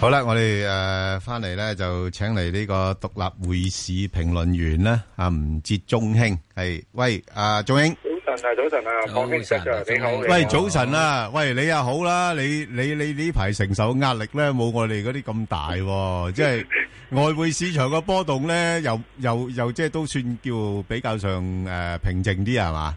好啦，我哋誒翻嚟咧，就請嚟呢個獨立匯市評論員咧，啊吳捷鐘兄係喂，阿鐘兄，早晨啊，早晨啊，黃先生，你好，喂，早晨啊，喂，你又好啦，你你你呢排承受壓力咧，冇我哋嗰啲咁大，即係外匯市場個波動咧，又又又即係都算叫比較上誒平靜啲係嘛？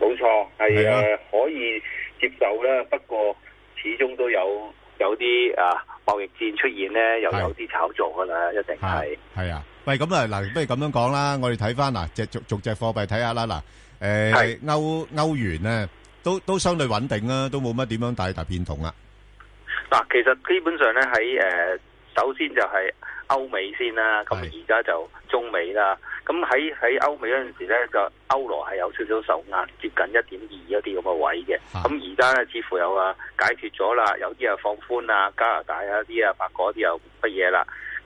冇錯，係誒可以接受啦，不過始終都有有啲啊。貿易戰出現咧，又有啲炒作噶啦，的一定係係啊！喂，咁啊，嗱，不如咁樣講啦，我哋睇返嗱，隻逐逐隻貨幣睇下啦，嗱，誒、呃、歐的歐元咧，都都相對穩定啦，都冇乜點樣大大變動啊。嗱，其實基本上咧，喺誒，首先就係、是。歐美先啦，咁而家就中美啦。咁喺喺歐美嗰陣時咧，就歐羅係有少少受壓，接近一點二一啲咁嘅位嘅。咁而家咧，似乎有啊解決咗啦，有啲啊放寬啊，加拿大啊啲啊法國啲又乜嘢啦，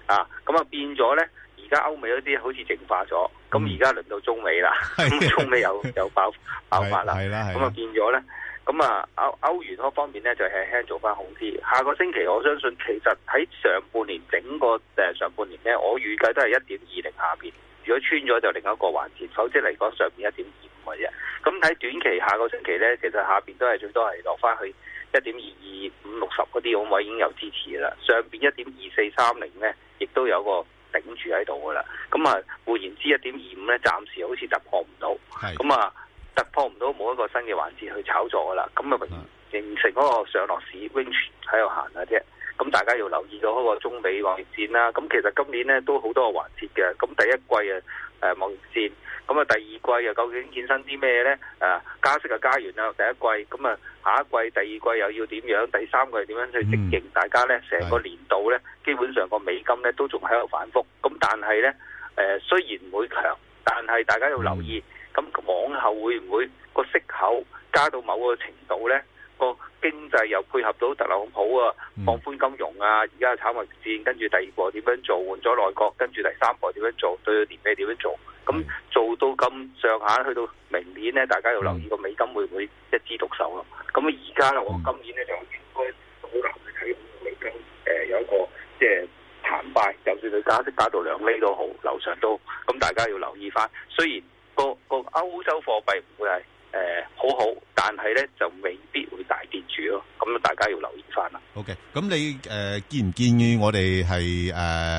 啊咁啊變咗咧。而家歐美嗰啲好似淨化咗，咁而家輪到中美啦，咁的中美又 又爆爆發啦，咁啊變咗咧，咁啊歐歐元嗰方面咧就輕輕做翻好啲。下個星期我相信其實喺上半年整個誒、呃、上半年咧，我預計都係一點二零下邊，如果穿咗就另一個環節，否則嚟講上邊一點二五嘅啫。咁睇短期下個星期咧，其實下邊都係最多係落翻去一點二二五六十嗰啲位已經有支持啦，上邊一點二四三零咧亦都有個。頂住喺度噶啦，咁啊換言之，一點二五咧，暫時好似突破唔到，咁啊的突破唔到冇一個新嘅環節去炒作噶啦，咁啊的形成嗰個上落市 range 喺度行下啫，咁、嗯、大家要留意到嗰個中美貿易戰啦，咁、嗯、其實今年咧都好多個環節嘅，咁第一季啊誒貿易戰。咁啊，第二季又究竟衍生啲咩呢？誒、啊，加息啊，加完啦，第一季，咁、嗯、啊，嗯嗯、下一季、第二季又要點樣？第三季點樣去適應大家呢？成個年度呢，嗯、基本上個美金呢都仲喺度反覆。咁、嗯、但係呢，誒、呃、雖然唔會強，但係大家要留意，咁往、嗯嗯嗯、後會唔會個息口加到某個程度呢？個經濟又配合到特朗普啊，放寬金融啊，而家炒貿易戰，跟住第二步點樣做？換咗內閣，跟住第三步點樣做？對個年尾點樣做？咁、嗯嗯、做到咁上下，去到明年咧，大家要留意個美金會唔會一枝獨秀咯？咁而家啊，我今年咧就、嗯、應該好難去睇美金，誒有一個即係慘敗，就算佢加息加到兩厘都好，樓上都，咁大家要留意翻。雖然個個歐洲貨幣唔會係誒好好，但係咧就未必會大跌住咯。咁啊，大家要留意翻啦。OK，咁你誒、呃、建唔建議我哋係誒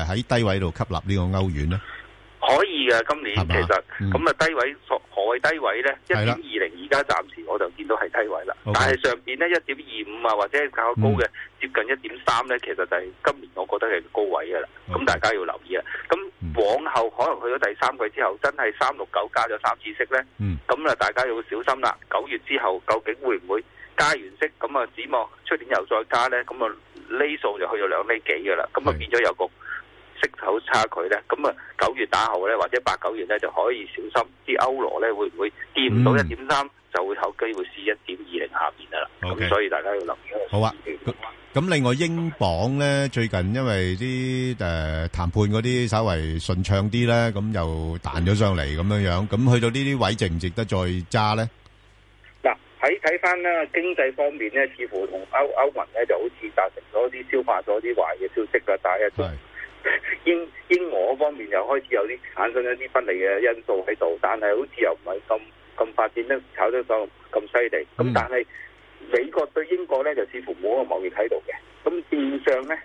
喺低位度吸納呢個歐元咧？可以嘅，今年吧其實咁啊，嗯、低位，何謂低位呢？一點二零而家暫時我就見到係低位啦。Okay 但係上邊呢一點二五啊，或者較高嘅、嗯、接近一點三呢，其實就係今年我覺得係高位嘅啦。咁 Okay 大家要留意啊。咁、嗯、往後可能去到第三季之後，真係三六九加咗三次息呢。咁啊，大家要小心啦。九月之後究竟會唔會加完息？咁啊，指望出年又再加呢？咁啊，呢數就去到兩釐幾嘅啦。咁啊，變咗有個。息口差距咧，咁啊九月打後咧，或者八九月咧就可以小心啲歐羅咧，會唔會掂唔到一點三，就會有機會試一點二零下邊啊啦。咁所以大家要留意。好啊。咁另外英鎊咧，最近因為啲誒談判嗰啲稍微順暢啲咧，咁又彈咗上嚟咁樣樣，咁去到呢啲位值唔值得再揸咧？嗱，睇睇翻啦經濟方面咧，似乎同歐歐盟咧就好似達成咗啲消化咗啲壞嘅消息嘅第一對。英英俄方面又開始有啲產生一啲不利嘅因素喺度，但係好似又唔係咁咁發展得炒得咁咁犀利。咁 但係美國對英國咧就似乎冇一個貿易喺度嘅。咁變相咧，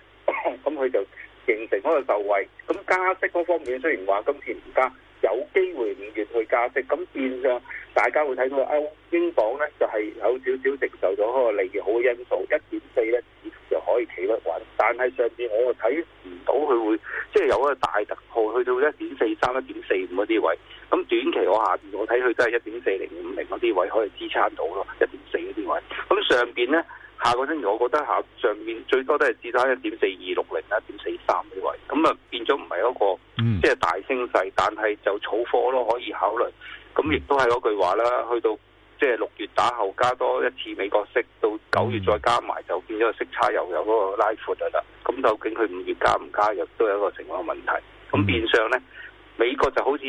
咁 佢就形成嗰個受惠。咁加息嗰方面雖然話今次唔加。有機會唔願去加息，咁變相大家會睇到歐英鎊咧，就係、是、有少少承受咗利益好嘅因素，一點四咧，已經就可以企得穩。但係上邊我又睇唔到佢會即係、就是、有一個大突破，去到一點四三、一點四五嗰啲位。咁短期我下邊我睇佢都係一點四零、五零嗰啲位可以支撐到咯，一點四嗰啲位。咁上邊咧。下個星期我覺得下上面最多都係止喺一點四二六零、一點四三呢位，咁啊變咗唔係一個、嗯、即係大升勢，但係就炒貨咯可以考慮。咁亦都係嗰句話啦，去到即係六月打後加多一次美國息，到九月再加埋就變咗個息差又有嗰個拉闊啦。咁究竟佢五月加唔加，又都有一個情況問題。咁變相呢，美國就好似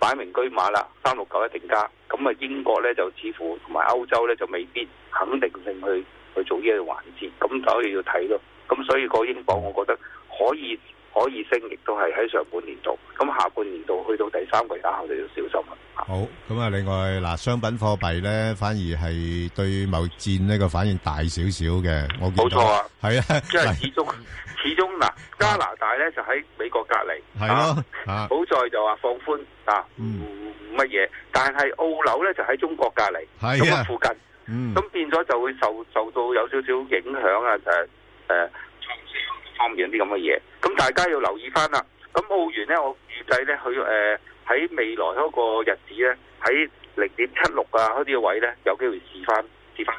擺明車馬啦，三六九一定加。咁啊英國呢，就似乎同埋歐洲呢，就未必肯定性去。做去做呢個環節，咁所以要睇咯。咁所以個英鎊，我覺得可以可以升，亦都係喺上半年度。咁下半年度去到第三個月打後就要小心啦。好，咁啊，另外嗱，商品貨幣咧，反而係對貿戰呢個反應大少少嘅。我冇錯，係啊，啊因為始終 始終嗱，加拿大咧就喺美國隔離，係咯，好在就話放寬啊，唔乜嘢。但係澳樓咧就喺中國隔離，咁啊附近。嗯，咁變咗就會受受到有少少影響啊！誒、啊、誒，長、呃、線方面啲咁嘅嘢，咁大家要留意翻啦。咁澳元咧，我預計咧，佢誒喺未來嗰個日子咧，喺零點七六啊嗰啲位咧，有機會試翻試翻。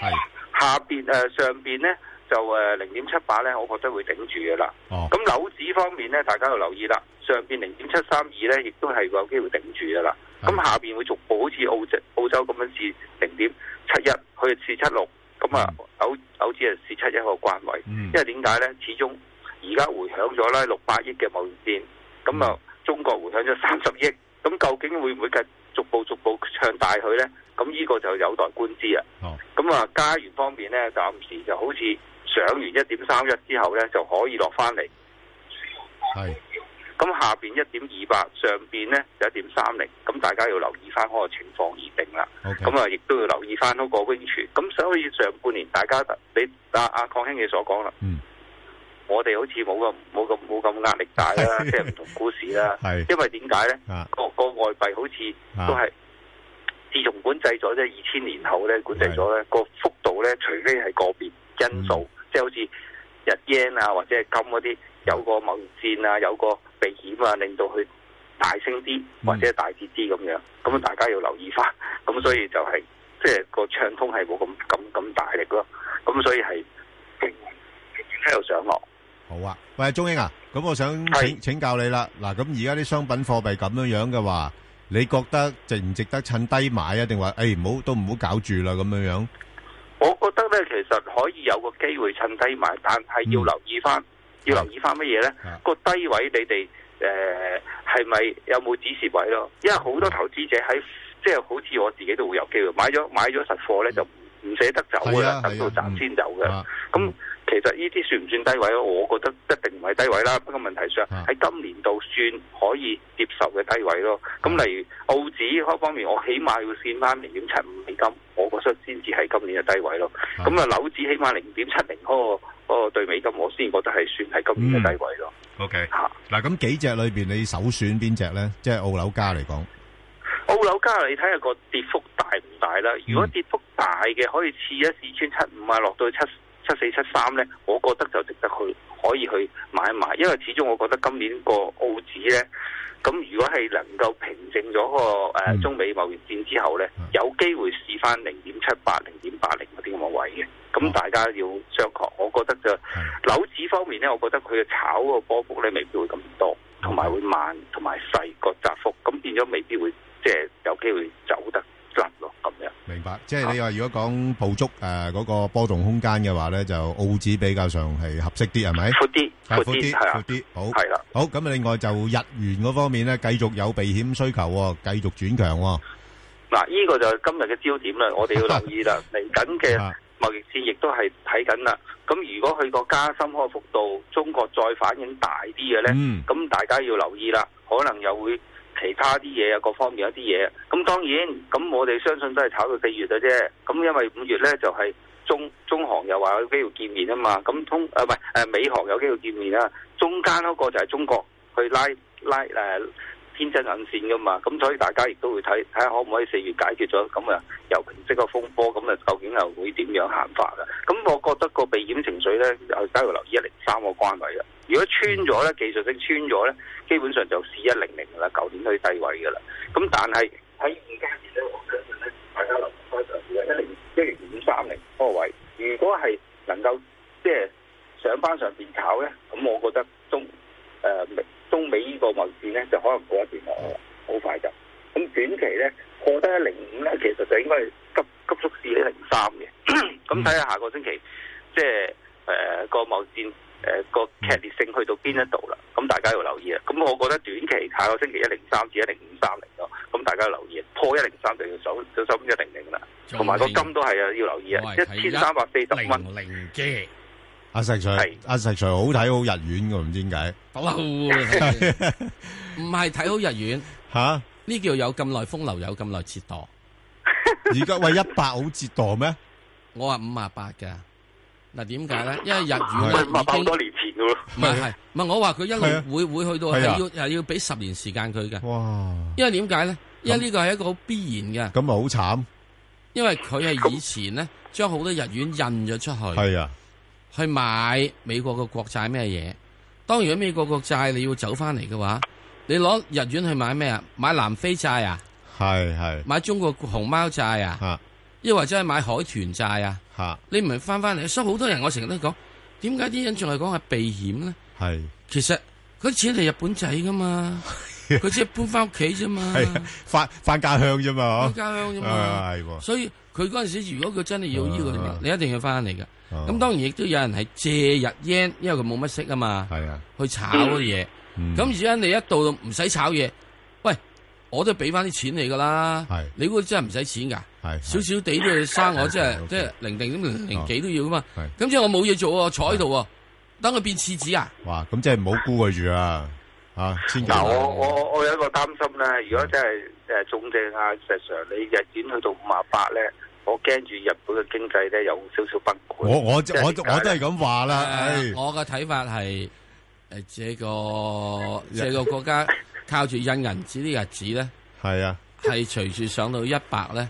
係是下邊誒、呃、上邊咧就誒零點七八咧，我覺得會頂住嘅啦。哦，咁樓指方面咧，大家要留意啦。上邊零點七三二咧，亦都係有機會頂住噶啦。咁的下邊會逐步好似澳洲澳洲咁樣至零點七一，去至七六。咁啊，偶偶爾只係至七一個關位。慣嗯、因為點解咧？始終而家回響咗啦，六百億嘅貿易戰。咁啊，中國回響咗三十億。咁究竟會唔會繼續步逐步唱大佢咧？咁呢個就有待觀知啊。咁啊、哦，加元方面咧，暫時就好似上完一點三一之後咧，就可以落翻嚟。係的。咁下邊一點二八，上邊呢就一點三零，咁大家要留意翻嗰個情況而定啦。咁啊，亦都要留意翻嗰個溫泉。咁所以上半年大家，你阿阿鄺興嘅所講啦，嗯、我哋好似冇個冇咁冇咁壓力大啦，即係唔同股市啦。 是因為點解呢？啊、個個外幣好似都係自從管制咗即係，二千年後呢管制咗呢是個幅度呢，除非係個別因素，嗯、即係好似日元啊，或者係金嗰啲，有個貿易戰啊，有個、啊。有個危險啊！令到佢大升啲或者大跌啲咁樣，咁大家要留意翻。咁所以就係、是、即係個暢通係冇咁咁咁大力咯。咁所以係勁一路上落。好啊，喂，鍾兄啊，咁我想請是請教你啦。嗱，咁而家啲商品貨幣咁樣樣嘅話，你覺得值唔值得趁低買啊？定話誒，唔、欸、好都唔好搞住啦，咁樣樣。我覺得咧，其實可以有個機會趁低買，但係要留意翻。嗯 要留意翻乜嘢咧？個低位你哋誒係咪有冇止蝕位咯？因為好多投資者喺即係好似我自己都會有機會買咗買咗實貨咧，就唔捨得走㗎喇，啊啊嗯、等到賺先走嘅咁。其實呢啲算唔算低位？我覺得一定唔係低位啦。不過問題上喺、啊、今年度算可以接受嘅低位咯。咁、啊、例如澳紙方面，我起碼要線翻零點七五美金，我覺得先至係今年嘅低位咯。咁啊，樓指起碼零點七零嗰個嗰、嗰個兌美金，我先覺得係算係今年嘅低位咯。O K，吓嗱，咁、okay. 啊、幾隻裏邊你首選邊隻呢？即係澳樓加嚟講，澳樓加你睇下個跌幅大唔大啦。嗯、如果跌幅大嘅，可以次一四千七五啊，落到七。七四七三呢，我覺得就值得去可以去買一買，因為始終我覺得今年個澳紙呢，咁如果係能夠平靜咗個誒中美貿易戰之後呢，有機會試翻零點七八、零點八零嗰啲咁嘅位嘅，咁大家要商榷。我覺得就樓市方面呢，我覺得佢嘅炒個波幅呢未必會咁多，同埋會慢，同埋細個窄幅，咁變咗未必會即係有機會走得甩囉。明白，即係你話如果講捕捉誒嗰、呃嗰個波動空間嘅話咧，就澳紙比較上係合適啲，係咪？闊啲近，闊啲，闊啲。好係啦，的好咁啊！另外就日元嗰方面咧，繼續有避險需求，繼續轉強、哦。嗱，呢個就係今日嘅焦點啦，我哋要留意啦。嚟緊嘅貿易戰亦都係睇緊啦。咁如果去到加深嗰個幅度，中國再反應大啲嘅咧，咁、嗯、大家要留意啦，可能又會。其他啲嘢啊，各方面有啲嘢，咁當然，咁我哋相信都係炒到四月嘅啫。咁因為五月呢，就係、是、中中行又話有機會見面啊嘛。咁通啊唔係誒美行有機會見面啦。中間嗰個就係中國去拉拉誒、呃、天真銀線噶嘛。咁所以大家亦都會睇睇下可唔可以四月解決咗咁啊，由平息個風波咁啊，究竟又會點樣行法啊？咁我覺得個避險情緒呢又都要留意一零三個關位啊。如果穿咗咧，技術性穿咗咧，基本上就試一零零啦，舊年去低位嘅啦。咁但係喺 現階段咧，我相信咧，大家留翻上嘅一零一零五三零嗰個位。如果係能夠即係、就是、上班上面炒咧，咁、嗯、我覺得中誒、呃、中美呢個貿易戰咧，就可能過一段落好快就。咁、嗯、短 期咧過得一零五咧，其實就應該係急急速試一零三嘅。咁睇下下個星期即係誒個貿易戰，誒、呃，個劇烈性去到邊一度啦？咁大家要留意啊！咁、嗯、我覺得短期下個星期一零三至一零五三零咯，咁大家留意破一零三就要走，就守住一零零啦。同埋個金都係啊，要留意啊！一千三百四十蚊零阿石 Sir 係阿石 Sir 好睇好,好,好,好 日元噶，唔知點解不唔係睇好日元吓？呢叫有咁耐風流，有咁耐折墮。而家喂一百好折墮咩？我話五廿八嘅。嗱，點解咧？因為日元唔係好多年前噶咯，唔係係，唔係我話佢一路會會去到係要係要俾十年時間佢嘅。哇！因為點解咧？因為呢個係一個好必然嘅。咁啊，好慘！因為佢係以前咧，將好多日元印咗出去，係啊，去買美國嘅國債咩嘢？當然，如果美國國債你要走翻嚟嘅話，你攞日元去買咩啊？買南非債啊？係係。買中國熊貓債啊？啊！亦或者係買海豚債啊？吓！你唔係翻翻嚟，所以好多人我成日都講，點解啲人仲係講係避險咧？係是，其實佢錢係日本仔噶嘛，佢 只係搬翻屋企啫嘛，翻翻家鄉啫嘛嗬，家鄉啫嘛，係、啊，所以佢嗰陣時如果佢真係要呢個，啊、你一定要翻嚟噶。咁、啊、當然亦都有人係借日 yen，因為佢冇乜息啊嘛，係啊的，去炒嗰啲嘢。咁而家你一到唔使炒嘢。我都俾翻啲錢你噶啦，你估真係唔使錢噶，少少地都要生我，即係即係零零零幾都要啊嘛。咁即係我冇嘢做啊，坐喺度啊，等佢變廁紙啊？哇！咁即係唔好估佢住啊！啊，千祈！我我我有一個擔心咧，如果真係誒中證啊，事實上你日轉去到五啊八咧，我驚住日本嘅經濟咧有少少崩潰。我我我我都係咁話啦，我嘅睇法係誒這個這個國家，靠住印銀紙啲日子咧，係啊，係隨住上到一百咧，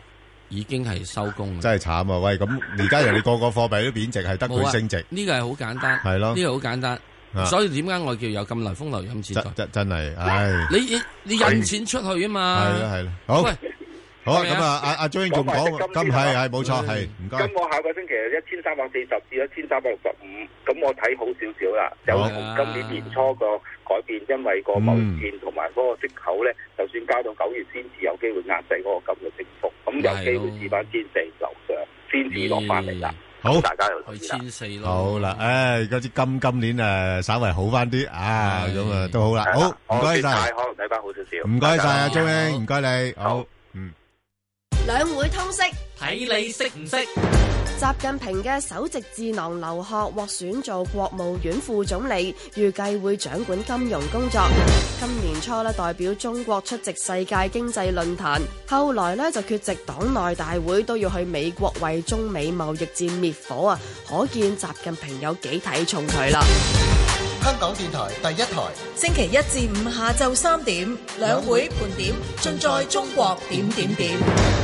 已經係收工。真係慘啊！喂，咁而家人哋個個貨幣都貶值，係得佢升值。呢、啊呢個係好簡單，係咯、啊，呢個好簡單。啊、所以點解我叫有咁耐風流印錢？真真真係，唉、哎！你你印錢出去啊嘛？係啦係啦，好。好啊，咁啊，阿阿周英仲講金係係冇錯，係唔該。咁我下個星期係一千三百四十至一千三百六十五，咁我睇好少少啦。就同今年年初個改變，因為個貿易戰同埋嗰個息口咧，就算加到九月先至有機會壓制嗰個金嘅升幅，咁有機會至翻千四樓上，先至落翻嚟啦。好，大家又去千四。好啦，唉，而家啲金今年啊，稍為好翻啲啊，咁啊都好啦。好，唔該晒，可能睇翻好少少。唔該晒阿周英，唔該你。好。兩會通識，睇你識唔識？習近平嘅首席智囊劉鶴獲選做國務院副總理，預計會掌管金融工作。今年初咧代表中國出席世界經濟論壇，後來咧就缺席黨內大會，都要去美國為中美貿易戰滅火啊！可見習近平有幾睇重佢啦。香港電台第一台，星期一至五下晝三點，兩會盤點，盡在中國，點點點。點點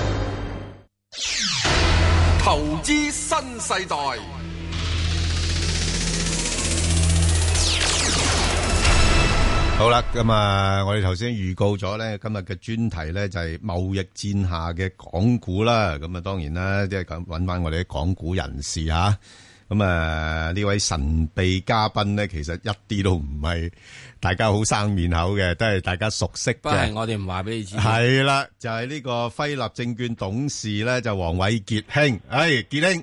之新世代。好啦，咁啊，我哋頭先預告咗咧，今日嘅專題咧就係貿易戰下嘅港股啦。咁啊，當然啦，即係揾翻我哋啲港股人士吓。咁啊，呢位神秘嘉賓咧，其實一啲都唔係。大家好生面口嘅，都係大家熟悉不係，我哋唔話俾你知。係啦，就係呢個輝立證券董事咧，就黃瑋傑兄。哎，傑兄，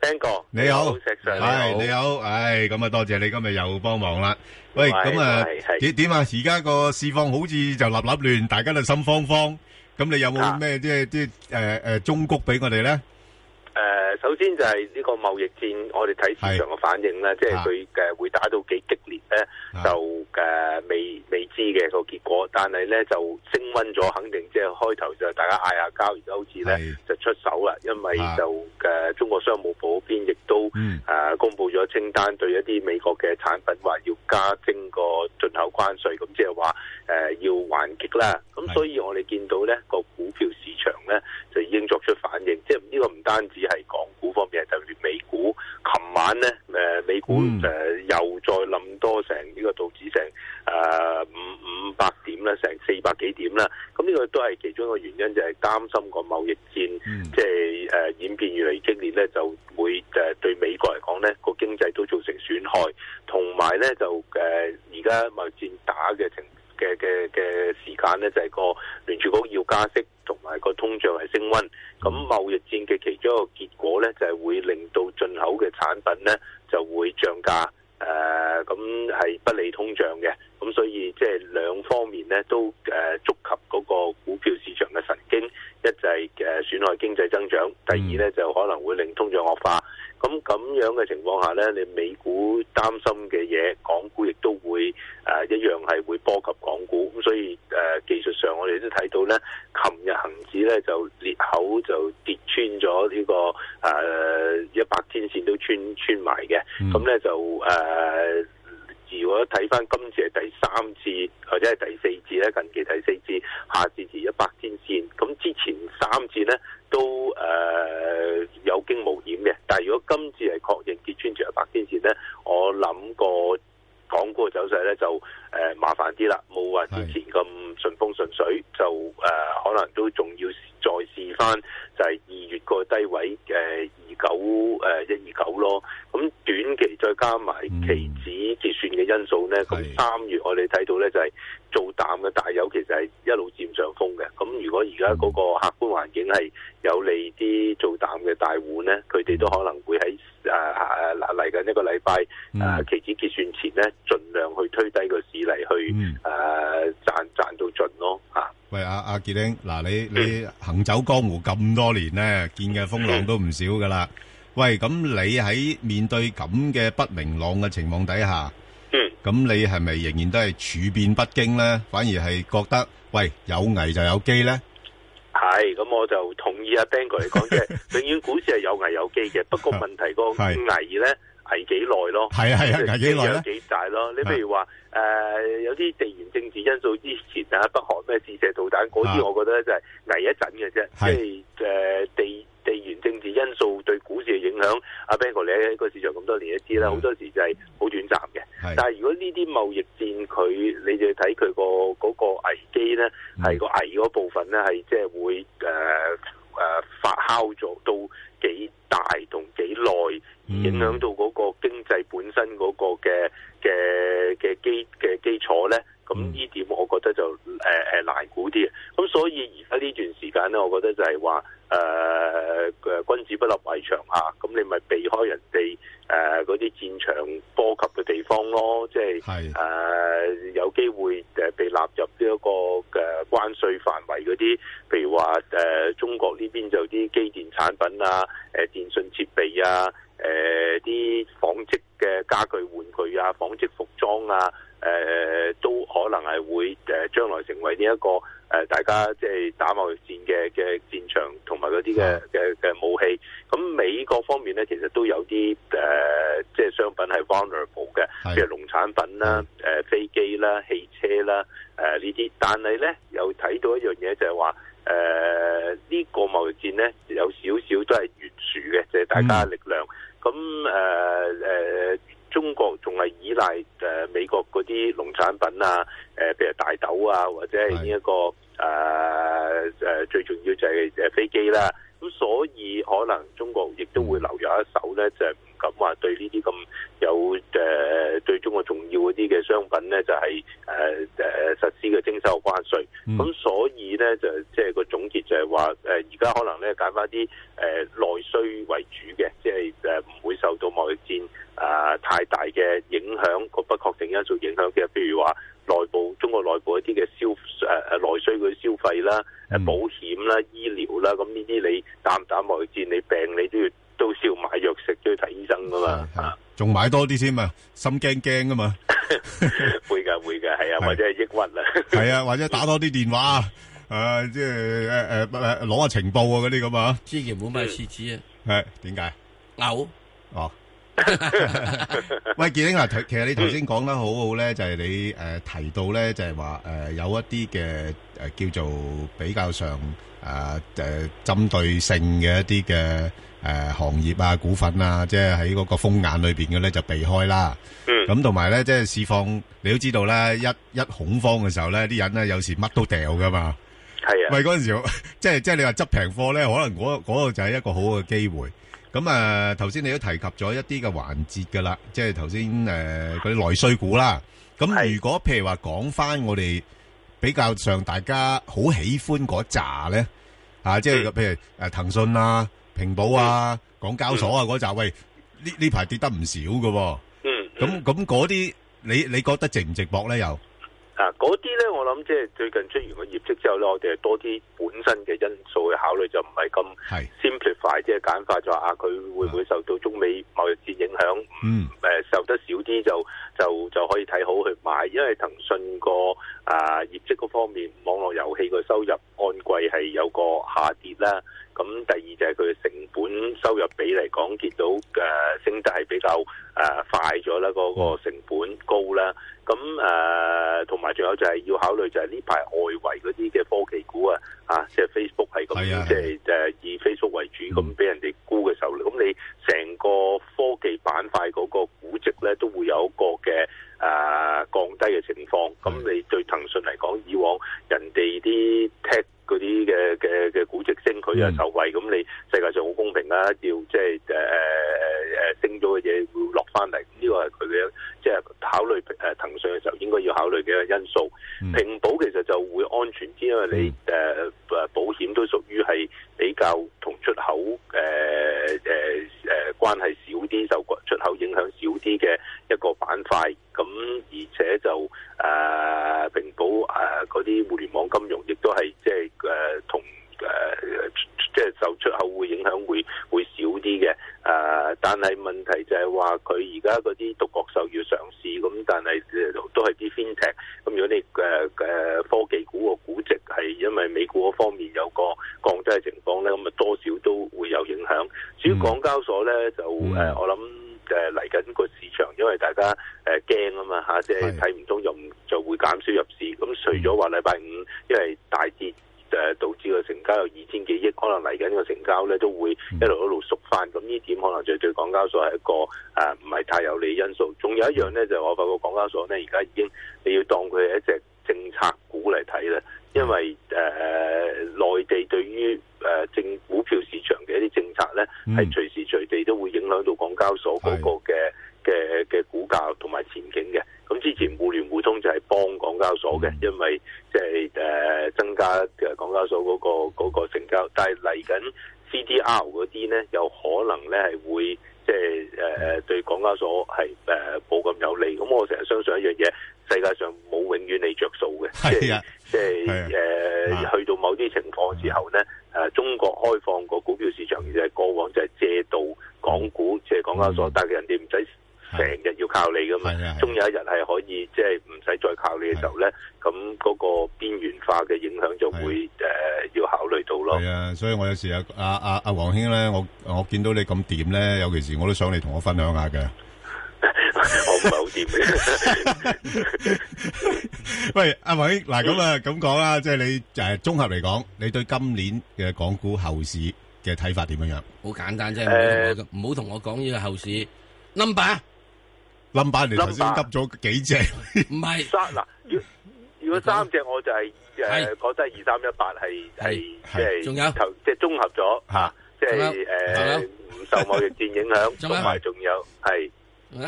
聽過。你好，係你好，唉，咁啊多謝你今日又幫忙啦。喂，咁啊，點點啊？而家個市況好似就立立亂，大家都心慌慌。咁你有冇咩即係即係誒誒忠告俾我哋咧？誒，uh, 首先就係呢個貿易戰，我哋睇市場嘅反應咧，是即係佢誒會打到幾激烈咧，是就誒、uh, 未未知嘅個結果。但係咧就升溫咗，肯定是即係開頭就大家嗌下交，而家好似咧是就出手啦。因為就誒是、uh, 中國商務部嗰邊亦都誒、嗯啊、公布咗清單，對一啲美國嘅產品話要加徵個進口關稅，咁即係話誒要還擊啦。咁所以我哋見到咧、呢個股票。估誒、um, 呃、又再冧多成呢個道指成誒五五百點啦，成四百幾點啦，咁、嗯、呢、這個都係其中一個原因，就係、是、擔心個貿易。一就係誒損害經濟增長，第二咧就可能會令通脹惡化。咁咁樣嘅情況下咧，你美股擔心嘅嘢，港股亦都會誒一樣係會波及港股。咁所以誒技術上，我哋都睇到咧，琴日恒指咧就裂口就跌穿咗呢個誒一百天線都穿穿埋嘅。咁咧就誒。如果睇翻今次係第三次或者係第四次咧，近期第四次下次字一百天線，咁之前三次咧都誒、呃、有驚無險嘅。但係如果今次係確認結穿住一百天線咧，我諗個港股嘅走勢咧就誒、呃、麻煩啲啦，冇話之前咁順風順水，是就誒、呃、可能都仲要再試翻就係二月個低位嘅二九誒一二九咯。咁短期再加埋期。嗯因素咧，咁三月我哋睇到咧就係做膽嘅大友，其實係一路占上風嘅。咁如果而家嗰個客觀環境係有利啲做膽嘅大戶咧，佢哋、嗯、都可能會喺誒誒嚟緊一個禮拜誒期指結算前咧，盡量去推低個市嚟去誒賺賺到盡咯吓。嗯啊啊、喂，阿、啊、阿傑丁，嗱、啊、你你行走江湖咁多年咧，嗯、見嘅風浪都唔少噶啦。 喂，咁你喺面對咁嘅不明朗嘅情況底下，咁你係咪仍然都係處變不驚咧？反而係覺得喂，有危就有機咧？係，咁我就同意阿、啊、Ben 佢嚟講嘅，永遠 股市係有危有機嘅。不過問題個危咧，危幾耐咯？係啊係啊，危幾耐幾大咯？你譬如話誒是、呃，有啲地緣政治因素之前啊，北韓咩試射導彈嗰啲，我覺得就係危一陣嘅啫，是即係誒、呃、地。地緣政治因素對股市嘅影響，阿 Ben 哥你喺個市場咁多年都知啦，好的多時就係好短暫嘅。的但係如果呢啲貿易戰，佢你就睇佢個嗰危機咧，係、那個危嗰的部分咧，係即係會誒誒、呃呃、發酵咗到幾大同幾耐影響到嗰個經濟本身嗰個嘅嘅嘅基嘅基礎咧？咁呢點我覺得就誒誒、呃、難估啲。咁所以而家呢段時間咧，我覺得就係話誒誒君子不立危牆啊！咁你咪避開人哋誒嗰啲戰場波及嘅地方咯。即係誒有機會誒被納入呢一個嘅關稅範圍嗰啲，譬如話誒、呃、中國呢邊就有啲機電產品啊，誒、呃。電信設備啊，誒啲紡織嘅家具玩具啊，紡織服裝啊，誒、呃、都可能係會誒、呃、將來成為呢、這、一個誒、呃、大家即係打貿易戰嘅嘅戰場，同埋嗰啲嘅嘅嘅武器。咁美國方面呢，其實都有啲誒即係商品係 vulnerable 嘅，是譬如農產品啦、啊、誒是、呃、飛機啦、啊、汽車啦、啊、誒呢啲。但係呢，又睇到一樣嘢，就係話。誒呢、呃這個貿易戰咧有少少都係懸殊嘅，即、就、係、是、大家嘅力量。咁誒誒，中國仲係依賴誒、呃、美國嗰啲農產品啊，誒、呃、譬如大豆啊，或者係呢一個誒誒是的、呃呃、最重要就係誒飛機啦。咁所以可能中國亦都會留有一手咧，就係、是、唔敢話對呢啲咁有誒、呃、對中國重要嗰啲嘅商品咧，就係誒誒實施嘅徵收關稅。咁、嗯、所以咧就即係、就是、個總結就係話誒，而、呃、家可能咧揀翻啲誒內需為主嘅，即係誒唔會受到貿易戰、呃、太大嘅影響個不確定因素影響嘅，譬如話。內部中國內部一啲嘅消誒誒內需嗰啲消費啦，誒保險啦、醫療啦，咁呢啲你打唔打外戰？你病你都要都需要買藥食，都要睇醫生噶嘛吓，仲買多啲添嘛，心驚驚噶嘛，會噶會噶，係啊，或者係抑鬱啊，係啊，或者打多啲電話啊，誒即係誒誒攞下情報啊嗰啲咁啊，之前冇買廁紙啊，係點解嘔哦？喂，傑兄啊，其實你頭先講得好好咧，就係你誒提到咧，就係話誒有一啲嘅誒叫做比較上誒誒針對性嘅一啲嘅誒行業啊股份啊，即係喺嗰個風眼裏邊嘅咧就避開啦。嗯，咁同埋咧，即係市況，你都知道咧，一一恐慌嘅時候咧，啲人咧有時乜都掉噶嘛。係啊，喂，嗰陣時，即係即係你話執平貨咧，可能嗰嗰個就係一個好嘅機會。咁啊，頭先你都提及咗一啲嘅環節㗎啦，即係頭先誒嗰啲內需股啦。咁如果譬如話講返我哋比較上大家好喜歡嗰扎咧，嚇，即係譬如誒騰訊啊、平保啊、港交所啊嗰扎，喂，呢呢排跌得唔少㗎喎。嗯。咁咁嗰啲，你你覺得值唔值博咧？又？啊！嗰啲咧，我諗即係最近出完個業績之後咧，我哋係多啲本身嘅因素去考慮，就唔係咁 simplify，即係簡化咗啊！佢會唔會受到中美貿易戰影響？嗯，誒、呃、受得少啲就就就可以睇好去買，因為騰訊個啊業績嗰方面，網絡遊戲個收入按季係有個下跌啦。咁第二就係佢嘅成本收入比嚟講見到嘅、呃、升得係比較誒、呃、快咗啦，嗰、嗰個成本高啦。咁誒同埋仲有就係要考慮就係呢排外圍嗰啲嘅科技股啊，啊即係 Facebook 係咁，即係即係以 Facebook 為主咁俾、啊、人哋沽嘅時候，咁你成個科技板塊嗰個估值咧都會有一個嘅誒、呃、降低嘅情況。咁你對騰訊嚟講，以往人哋啲嗰啲嘅嘅嘅估值升，佢又受惠，咁你世界上好公平啊！要即係誒誒誒升咗嘅嘢會落翻嚟，呢個係佢嘅，即係考慮，誒騰訊嘅時候應該要考慮嘅因素。平保其實就會安全啲，因為你誒誒保險都屬於係比較同出口誒誒。關係少啲，受出口影響少啲嘅一個板塊，咁、 嗯嗯、而且就誒、呃，平保誒，嗰、呃、啲互聯網金融亦都係即係誒，同、就、誒、是，即係受出口會影響會會少啲嘅。誒、呃，但係問題就係話佢而家嗰啲獨角獸要上市，咁、嗯、但係都係啲 fintech。咁如果你誒誒、呃呃、科技股個估值係因為美股嗰方面有個降低嘅情況咧，咁啊多少？響，嗯、至於港交所咧，就誒、呃，我諗誒嚟緊個市場，因為大家誒驚、呃、啊嘛嚇，即係睇唔通，就就會減少入市。咁、嗯嗯、除咗話禮拜五，因為大跌誒導致個成交有二千幾億，可能嚟緊個成交咧都會一路一路縮翻。咁呢、嗯、點可能就對港交所係一個誒唔係太有利因素。仲有一樣咧，就係、我發覺港交所咧而家已經你要當佢係一隻政策股嚟睇啦。因為誒、呃、內地對於誒政、呃、股票市場嘅一啲政策咧，係、嗯、隨時隨地都會影響到港交所嗰個嘅嘅嘅股價同埋前景嘅。咁之前互聯互通就係幫港交所嘅，嗯、因為即係誒增加嘅港交所嗰個嗰個成交。但係嚟緊 C D R 嗰啲咧，有可能咧係會即係誒對港交所係誒冇咁有利。咁我成日相信一樣嘢。世界上冇永遠你着數嘅，即係即係誒，去到某啲情況之後咧，誒、啊、中國開放個股票市場，其實係過往就係借到港股，即係、嗯、港交所，但係人哋唔使成日要靠你噶嘛，終有一日係可以即係唔使再靠你嘅時候咧，咁嗰、啊、個邊緣化嘅影響就會誒、啊、要考慮到咯。係啊，所以我有時啊，阿阿阿黃兄咧，我我見到你咁點咧，有其時我都想你同我分享下嘅。我唔係好掂。喂，阿偉，嗱咁啊，咁講啦，即係你誒，綜合嚟講，你對今年嘅港股後市嘅睇法點樣樣？好簡單啫，唔好同我講呢個後市 number。number，你頭先急咗幾隻？唔係，三嗱，如果三隻我就係誒覺得二三一八係係即係，仲有頭即係綜合咗吓，即係誒唔受貿易戰影響，同埋仲有係。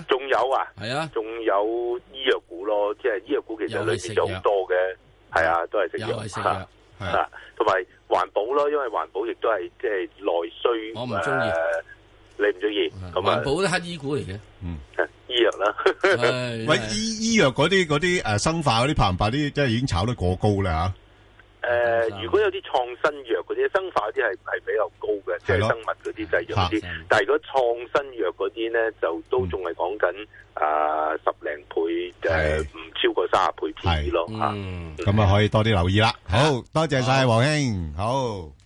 仲有啊，係啊，仲有醫藥股咯，即係醫藥股其實裏面仲有好多嘅。係啊，都係食藥啊，係啊，同埋環保咯，因為環保亦都係即係內需我唔中意誒。你唔中意？環保都乞醫股嚟嘅。嗯，醫藥啦，喂，醫醫藥嗰啲啲誒，生化嗰啲、化學啲，即係已經炒得過高啦吓。誒，如果有啲創新藥嗰啲生化嗰啲係係比較高嘅，即係生物嗰啲製藥嗰啲。但係如果創新藥嗰啲咧，就都仲係講緊啊十零倍，誒唔超過三十倍止咯嚇。咁啊，可以多啲留意啦。好多謝晒黃兄，好。